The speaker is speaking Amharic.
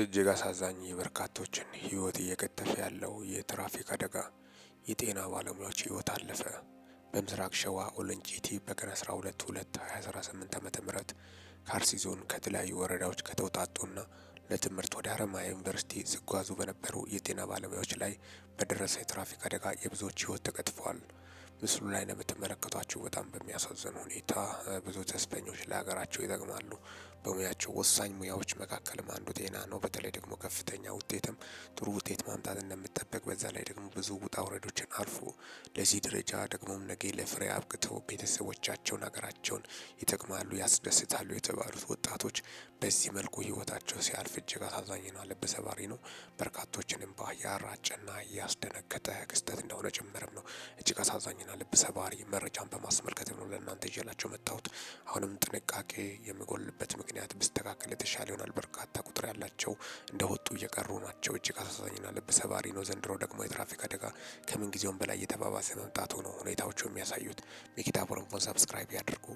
እጅግ አሳዛኝ የበርካቶችን ህይወት እየቀጠፈ ያለው የትራፊክ አደጋ የጤና ባለሙያዎች ህይወት አለፈ። በምስራቅ ሸዋ ኦለንጂቲ በቀን 12 2 2018 ዓ ም ከአርሲ ዞን ከተለያዩ ወረዳዎች ከተውጣጡና ለትምህርት ወደ ሀረማያ ዩኒቨርሲቲ ሲጓዙ በነበሩ የጤና ባለሙያዎች ላይ በደረሰ የትራፊክ አደጋ የብዙዎች ህይወት ተቀጥፏል። ምስሉ ላይ ለምትመለከቷቸው በጣም በሚያሳዝን ሁኔታ ብዙ ተስፈኞች ለሀገራቸው ይጠቅማሉ በሙያቸው ወሳኝ ሙያዎች መካከልም አንዱ ጤና ነው። በተለይ ደግሞ ከፍተኛ ውጤትም ጥሩ ውጤት ማምጣት እንደምጠበቅ በዛ ላይ ደግሞ ብዙ ውጣ ውረዶችን አልፎ ለዚህ ደረጃ ደግሞም ነገ ለፍሬ አብቅተው ቤተሰቦቻቸውን ሀገራቸውን ይጠቅማሉ፣ ያስደስታሉ የተባሉት ወጣቶች በዚህ መልኩ ህይወታቸው ሲያልፍ እጅግ አሳዛኝና ልብ ሰባሪ ነው። በርካቶችንም እንባ ያራጨና ያስደነገጠ ክስተት እንደሆነ ጭምርም ነው አሳዛኝና ልብ ሰባሪ መረጃን በማስመልከት ነው ለእናንተ ይዤላቸው መጣሁት። አሁንም ጥንቃቄ የሚጎልበት ምክንያት ብስተካከል የተሻለ ይሆናል። በርካታ ቁጥር ያላቸው እንደወጡ እየቀሩ ናቸው። እጅግ አሳዛኝና ልብ ሰባሪ ነው። ዘንድሮ ደግሞ የትራፊክ አደጋ ከምንጊዜውም በላይ እየተባባሰ መምጣቱ ነው ሁኔታዎቹ የሚያሳዩት። ሚኪታ ቦረንፎን ሰብስክራይብ ያድርጉ።